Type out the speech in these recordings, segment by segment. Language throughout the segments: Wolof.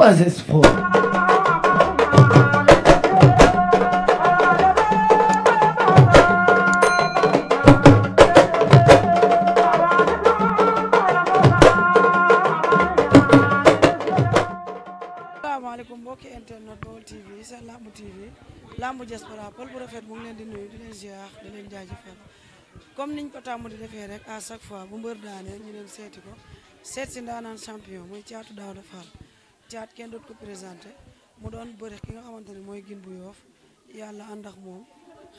trois espoirs. asalaamaaleykum mbokki internet Baol TV seen lamb TV lamb diaspora Paul bu rafet mu ngi leen di nuyu di leen ziar di leen jaajëfal comme niñ ko tàmm di defee rek à chaque fois bu mbër daanee ñu dem seeti ko seet si ndaanaan champion muy Thiatou Daouda Fall caat kenn doot ko présenté mu doon bëri ki nga xamante ne mooy gin bu yoof yàlla ànd ak moom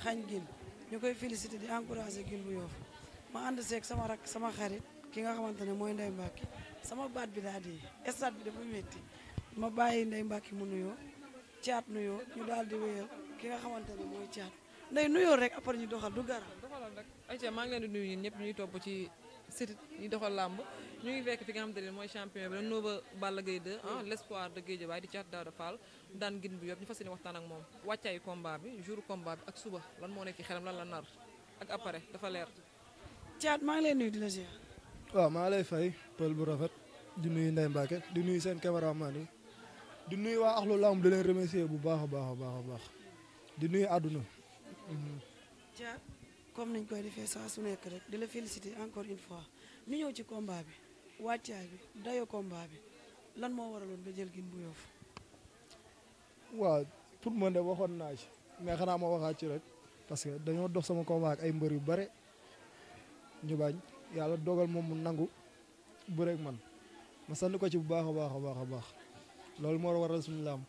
xañ gin ñu koy félicité di encouragé gin bu yoof ma ànd seek sama rak sama xarit ki nga xamante ne mooy ndey mbàkki sama baat bi daa di stade bi dafa ma bàyyi ndey mbàkki mu nuyoo caat nuyoo ñu daal di wéyal ki nga xamante ne mooy caat ndey nuyoo rek après ñu doxal du gara doxalal rek ayca maa ngi leen di nuyu ñun ñëpp ñu topp ci sitit ñuy doxal làmb ñu ngi fekk fi nga xamante ne mooy champion bi la ba Balla Gaye 2 ah l' espoir de di Thiatou Daouda Fall daan gin bi yëpp ñu fa yéene waxtaan ak moom wàccaayu combat bi jour combat bi ak suba lan moo nekk ci xelam lan la nar ak après dafa leer Thiat maa ngi lay nuyu di la ziar waaw maa lay fay pël bu rafet di nuyu Ndeye Mbacke di nuyu seen caméraman yi di nuyu waa axlu làmb di leen remercier bu baax baax a baax a baax di nuy àdduna mhm. comme nañ koy defee saa su nekk rek di la féliciter encore une fois ñu ñëw ci combat bi wàccaay bi dayo combat bi lan moo waraloon nga jël Gine bu Yoff. waaw pour man de waxoon mais xanaa ma waxaat ci rek parce que dañoo dox sama combat ay mbër yu bare ñu yàlla dogal moom mu nangu bu rek ma sant ko ci bu baax a baax a baax a baax loolu moo waral suñu laam.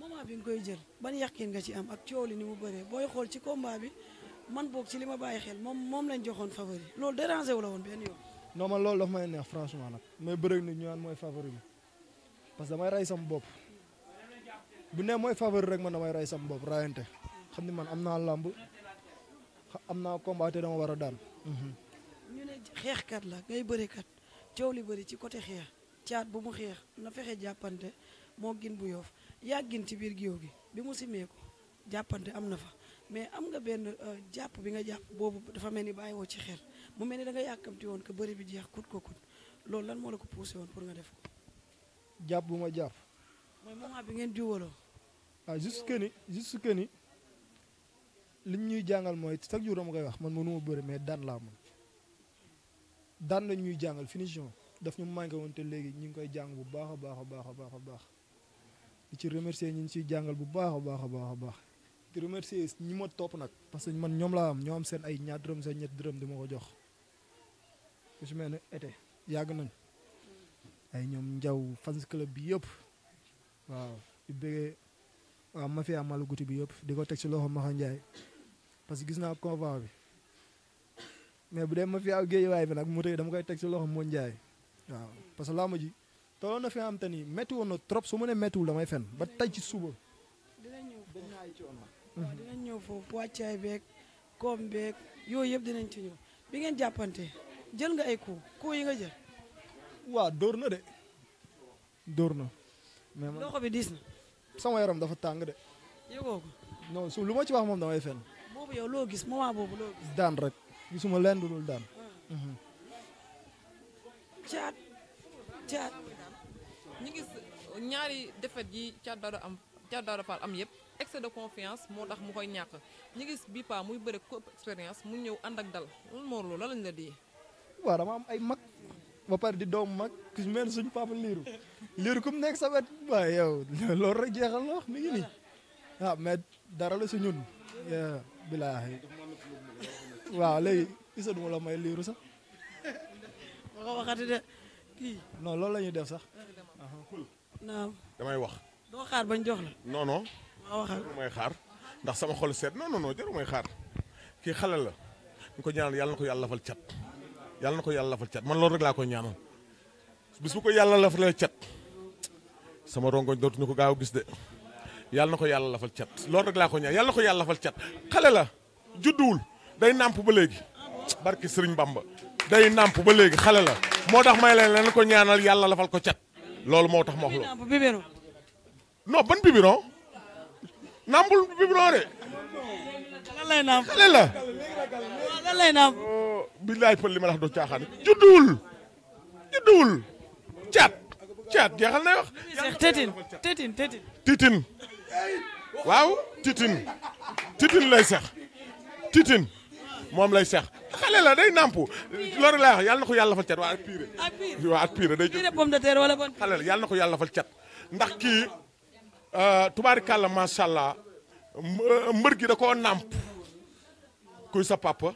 moment bi nga koy jël ban yàqin nga ci am ak coow li ni mu bëree booy xool ci combat bi. man boog ci li ma bàyyi xel moom moom lañ joxoon favori loolu dérangé wu la woon benn yoon. non man loolu daf may neex franchement nag mais bëreeg nit ñu naan mooy favori bi parce que damay rey sam bopp bu ne mooy favori rek man damay rey sam bopp raayante xam ni man am naa làmb am naa combat te dama war a daan. Mhm. ñu ne xeexkat la ngay bërekat coow li bëri ci côté xeex caat bu mu xeex na fexe jàppante moo gin bu yoof yaa gin ci biir géew gi bi mu simee ko jàppante am na fa. mais am nga benn euh, jàpp bi nga jàpp boobu dafa mel ni bàyyiwoo ci xel mu mel ni da nga yàkkamti woon que bëri bi jeex kut ko kut loolu lan moo la ko poussé woon pour nga def ko. jàpp bu ma jàpp. mooy bi ngeen jiwaloo. ah juste que ni juste que ñuy jàngal mooy chaque jour dama koy wax man mënuma bëri mais daan laa mën daan lañ ñuy jàngal finition daf ñu manqué woon te léegi ñu ngi koy jàng bu baax a baax a baax a baax a baax ci remercier ñu ngi ciy jàngal bu baax a baax a baax a baax. di remercier ñi ma topp nag parce que man ñoom laa am ñoo am seen ay ñaar dërëm seen ñett dërëm di ma ko jox ku si mel ne été yàgg nañ ay ñoom njaw fans club bi yëpp waaw di bëggee waaw mafia malu guti bi yëpp di ko teg si loxo Maxa Ndiaye parce que gis naa convoi bi mais bu dee mafia géejuwaay bi nag mu tey dama koy teg si loxo moo Ndiaye waaw parce que laa ma ji toloon na fi nga xam te ni métti woon na trop su ma ne méttiwul damay fen ba tey ci suba waaw dinañ ñëw foofu wàccaay beeg koom beeg yooyu yëpp dinañ ci bi ngeen jàppante jël nga ay coup coup yi nga jël. waaw dóor na de dóor na. mais man loxo diis na. sama yaram dafa tàng de. yëgoo ko. non su lu ma ci wax moom damay fenn. boobu yow loo gis moment boobu loo gis. daan rek gisuma leen lu dul daan. Ah. Mhm. caat caat. ñu gis ñaari defet yi caat Daouda am caat am yëpp. excès de confiance moo tax mu koy ñàkk ñu gis bi pa muy bëre ko expérience mu ñëw ànd ak dal lan moo loolu lan lañ la di waaw dama am ay mag ba pare di doom mag ku mel ne suñu papa liiru liiru ku mu nekk sa wet waaye yow loolu rek jeexal na wax mi ngi nii waaw ah, mais dara la si ñun bilaahi waaw léegi isa duma la sax waxa de kii non loolu la ñuy def sax waaw damay wax doo xaar bañ jox la jarul may xaar ndax sama xol seet non non non jarul xaar kii xale la ñu ko ñaanal yàlla ko yàlla lafal cat yàlla na ko yàlla lafal cat man loolu rek laa koy ñaanal bis bu ko yàlla lafalee sama rongoñ dootuñu ko gaaw gis de yàlla na ko yàlla lafal cat loolu rek laa ko yàlla ko yàlla lafal cat xale la judduwul day nàmp ba léegi barki Sëriñ Bamba day nàmp ba léegi xale la moo tax may leen len ko ñaanal yàlla lafal ko cat loolu moo tax ma wax loolu non ban biberon nampul biberon de. lan lay namp xale oh, billaay pël ma la wax doo caaxaan judduwul judduwul caat caat jeexal na wax. tetin tetin tetin. titin waaw titin titin lay sax titin moom lay sax xale la day nampu loolu lay wax na ko yàlla fal cat waa ak pire. ak pire waaw ak pire day. pire pomme na ko yàlla fal cat ndax kii. Euh, tubaarikàlla macha allah mbër gi da koo nàmp kuy sa papa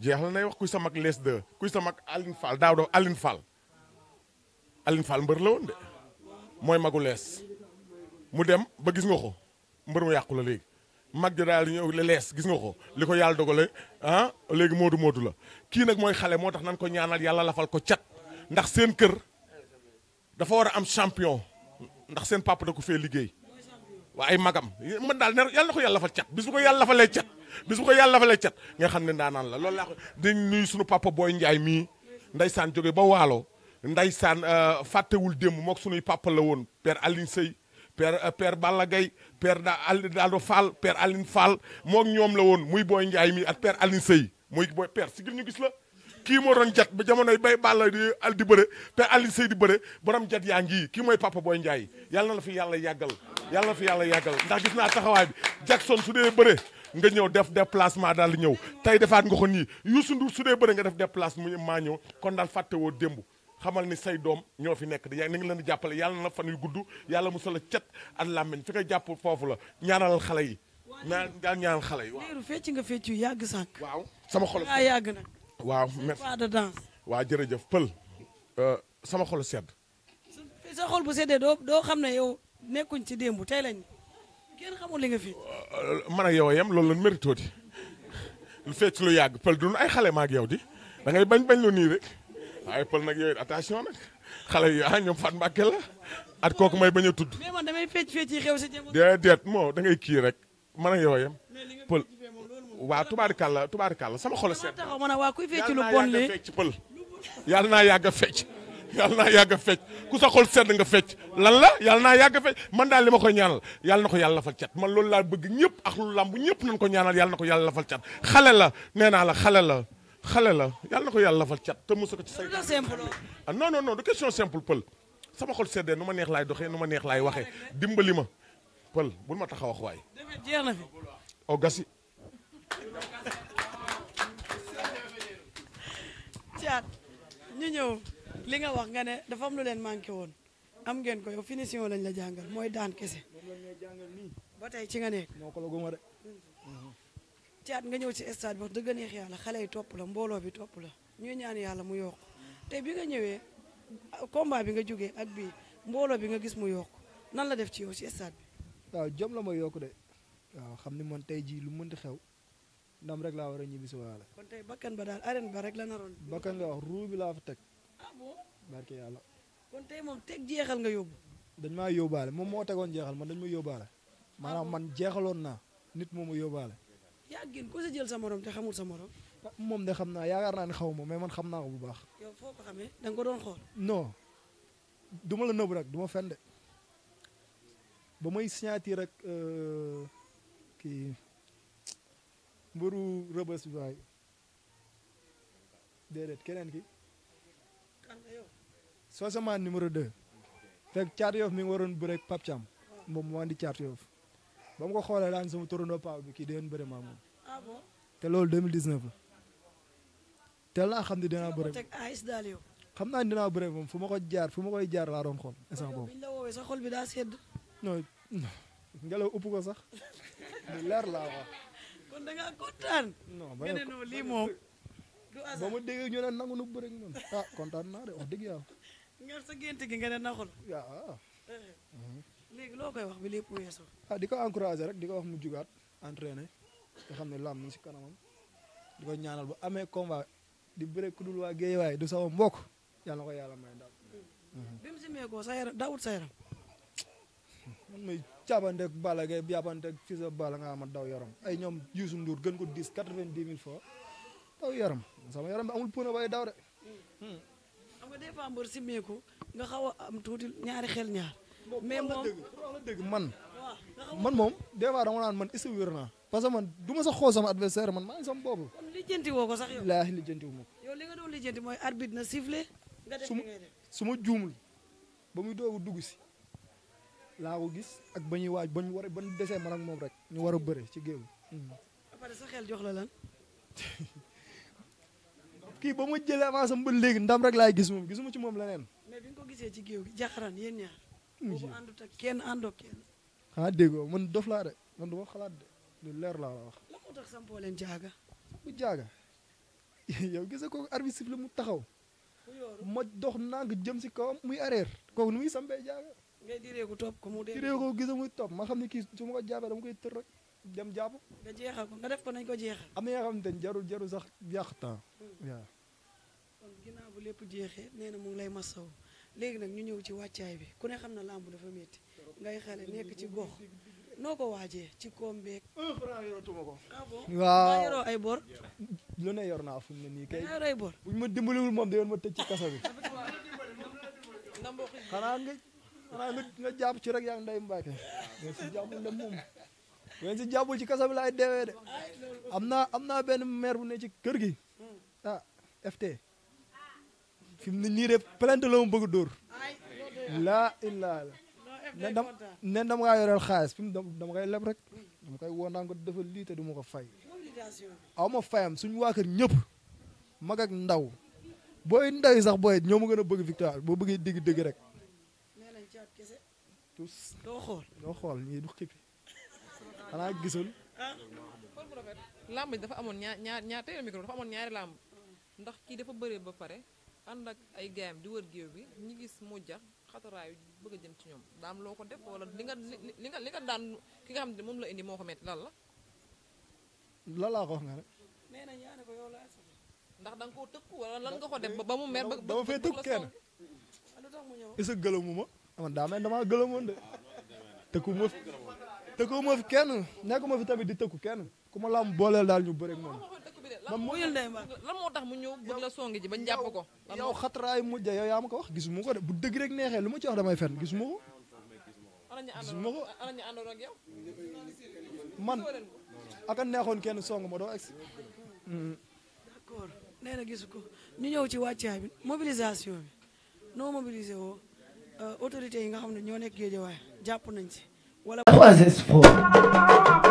jeex la nay wax kuy sa mag les deux kuy sa mag Aline Fall daaw doo Aline Fall Aline Fall mbër la woon de mooy magu lees mu dem ba gis nga ko mbër mu yàqu la léegi mag ja daal ñëw lees gis nga ko li ko yàlla dogale ah léegi moodu moodu la kii nag mooy xale moo tax nan ko ñaanal yàlla lafal ko cat ndax seen kër dafa war a am champion ndax seen papa da ko fee liggéey waa ay magam man daal ne yàlla na ko yàlla fal cat bis bu ko yàlla falee cat bis bu ko yàlla falee cat nga xam ne ndaanaan la lool laa ko di nuyu suñu papa booy njaay mii ndaysaan jóge ba waalo ndaysaan euh, fàttewul démb mook suñuy papa la woon père Aline Sey père euh, père Balla Gaye père da al Daado Fall père Aline Fall mook ñoom la woon muy booy njaay mii ak père Aline Sey muy booy père sigil ñu gis la kii moo doon jat ba jamonoy bay bàlla di al di bëre te Alioune Seye di bëre borom jat yaa ngi kii mooy Papa Boy Ndiaye yàlla na la fi yàlla yàggal yàlla na fi yàlla yàggal ndax gis naa taxawaay bi Jackson su dee bëre nga ñëw def déplacement daal di ñëw tey defaat nga ko nii Youssou Ndour su dee bëre nga def déplacement maa ñëw kon daal fàtte woo démb xamal ni say doom ñoo fi nekk di yaa ni ngi leen di jàppale yàlla na la fan yu gudd yàlla mu la cet at làmmiñ fi nga jàpp foofu la ñaanal xale yi ñaan ñaanal xale yi waaw fecc nga fecc yu yàgg sànq waaw sama xol yaa yàgg nag waaw merci waaw jërëjëf pël euh, sama xol sedd sa xol bu seddee doo doo xam ne yow nekkuñ ci démb tey lañ kenn xamul li nga fi euh, man ak yow a loolu lan mérito di lu fecc lu yàgg pël duñu ay xale maag yow di da ngay bañ bañ lu nii rek waaye pël nag yooyu attention nag xale yi ah ñoom Fatou Mbacké la at kooku may bañ a tudd mais man damay fecc fecc yi si moo da ngay kii rek man ak yow a pël waaw tubaarikàlla tubaarikàlla la xol seet fecc pël yàlla naa yàgg a fecc yàlla naa yàgg a fecc ku sa xol sedd nga fecc lan la yal naa yàgg a fecc man daa li ma koy ñaanal yàlla na ko yàlla lafal cat man loolu laa bëgg ñëpp ak lu làmb ñëpp nañ ko ñaanal yàlla na ko yàlla lafal cat xale la nee naa la xale la xale la yàlla na ko yàlla lafal cat te musa ko ci say ah non non non du question simple pël sama xol seddee nu ma neex laay doxee nu ma neex laay waxee dimbali ma pël bul ma tax a wax waay. ñu ñëw li nga wax nga ne dafa am lu leen manqué woon am ngeen ko yow finition lañ la jàngal mooy daan kese ba tey ci nga nekk caat nga ñëw si stade wax dëgg neex yàlla xale yi topp la mbooloo bi topp la ñuy ñaan yàlla mu yokk tey bi nga ñëwee combat bi nga jógee ak bi mbooloo bi nga gis mu yokk nan la def ci yow ci stade bi waaw jom la ma yokk de waaw xam ni man tey jii lu mënti xew ndam rek laa war a ñibbi si waale. kon tey bakkan ba daal arène ba rek la naroon. bakkan nga wax bi laa fa teg. ah yàlla. kon tey moom teg jeexal nga yóbbu. dañ maa yóbbaale moom moo tegoon jeexal man dañ ma yóbbaale. Ah maanaam man jeexaloon naa nit moom ma yóbbaale. yaa gën ko sa jël sa moroom te xamul sa morom. Ah, moom de xam naa yaakaar naa ne xaw ma mais man xam naa ko bu baax. yow foo ko xamee ko doon xool. non du la nëbb rek du ma fen de ba may signature rek euh, kii. mburu rëbës bi waay déedéet keneen ki Sosoma numéro 2 fekk caat yoof mi ngi waroon bëreeg Pap Cam oh. moom moo andi caat yoof ba mu ko xoolee daan sama turandoo paaw bi kii déen bëri maa moom ah te loolu 2019 laa xam ne dinaa bëre xam naa ne dinaa bëre ma ko jaar jaar laa doon xool instant kon da ngaa kontaan. non ba lii moom. boo hasard ba ma déggee ñu ne nangu nu bëri man ah kontaan naa de wax dëgg yàlla. nga sa gént gi nga ne naxul. waaw. Eh. Mhm. léegi loo koy wax bi lépp weesu. ah di ko encouragé rek di ko wax mu jugaat entraîné nga xam ne lam mu ngi si kanamam di ko ñaanal bu amee combat di bëre ku dul waa Guédiawaye du sama mbokk yàlla na ko yàlla may daal. Mm. bi mu si meekoo sa yaram daawut sa man may caabanteeg Balla Gaye yaabanteeg fils de Balla nga ma daw yaram ay ñoom gën ko diis quatre-vingt-dix mille fois yaram sama yaram amul pën a bay daw de. Hmm. xam nga xaw a am tuuti ñaari xel ñaar. mais moom dëgg man. man moom des fois dama naan man issa wér naa. parce que man du ma sax xool sama adversaire man maa ngi sama boobu. kon lijjanti woo ko sax yow. wallaahi lijjanti wu li nga doon lijjanti mooy arbitre na sifflé. su ma su ma juumul ba muy doo a dugg si. laa ko gis ak ba ñuy waaj ba ñu war a ba ñu moom rek ñu war a bëre ci géew. sa xel jox la lan. kii ba mu jëlee avance am ba léegi ndam rek laay gis moom gisuma ci moom leneen. mais bi nga ko gisee ci géew gi jaxaraan yéen ñaar. boobu kenn àndoo kenn. ah man dof laa de man du ma xalaat de lu leer laa la wax. la ko tax sampoo jaaga. bu jaaga yow gise ko arbitre bi la mu taxaw. ma dox nang jëm si kawam muy arrière kooku nu muy sampee jaaga. ngay diree ko topp ko mu dee. gis muy topp ma xam ne kii su ma ko jàppee dama koy tër rek dem jàpp. nga jeexal ko nga def ko nañ ko jeexal. am na yoo xamante ne jarul jarul sax yàq temps. Hmm. waaw. kon ginnaaw bu lépp jeexee nee na mu lay masaw léegi nag ñu ñëw ci wàccaay bi ku ne xam na làmb dafa métti ngay xale nekk ci gox noo ko waajee ci koom beeg. un franc ko. ah bon ay bor. lu ne yor naa fu mu nii kay. ay bor bu ñu dimbaliwul moom da yoon ma ci kasa bi. xanaa nga jàpp ci rek yaa ngi nday Mbàkke ngeen si jàppul si jàppul ci kasa bi laay de am naa am naa benn maire bu ne ci kër gi ah FT fi mu ne nii de bëgg dóor laa illaa la nen dam nen dama ngaa yoreel xaalis fi mu dama koy leb rek dama koy woo naan ko defal lii du ma ko fay aw ma fayam suñu waa kër ñëpp mag ak ndaw booy ndaw yi sax booy ñoo ma gën a bëgg victoire boo bëggee dégg dëgg rek tus doo xool doo xool ñii du xippi xanaa gisul. ah xool bu rafet. dafa amoon ñaar ñaar ñaar tey amoon ñaari làmb ndax kii dafa bëree ba pare ànd ak ay gaayam di wër géew bi ñu gis mu jax xataraayu bëgg a jëm ci ñoom daam loo ko def wala li nga li nga li nga daan ki nga xam ne moom la indi moo ko metti lan la. lan laa ko nga rek. nee na ñaane ko yow laa ndax da nga koo tëkku wala lan nga ko def ba mu mer. ba ba mu fee tëkku kenn. Ah, lu tax mu ñëw. est-ce que gëlëmu ma. man daa mel damaa gëlëmoon de tëkku ma fi tëkku ma fi kenn nekku ma fi tamit di tëkku kenn ku ma laam booleel daal ñu bëri ak moom. lan moo tax mu ñëw bëgg la songi ji bañ jàpp ko. yow xatraay mujj yow yaa ma ko wax gisuma ko de bu dëgg rek neexee lu ma ci wax damay fen gisuma ko. gisuma ko man aka neexoon kenn song ma doo egsi. Hmm. d'accord nee na gisu ko ñu ñëw ci wàccaay bi mobilisation bi noo mobilisé woo. Euh, autorités yi nga xam ne ñoo nekk Guédiawaye jàpp nañ ci wala 3S4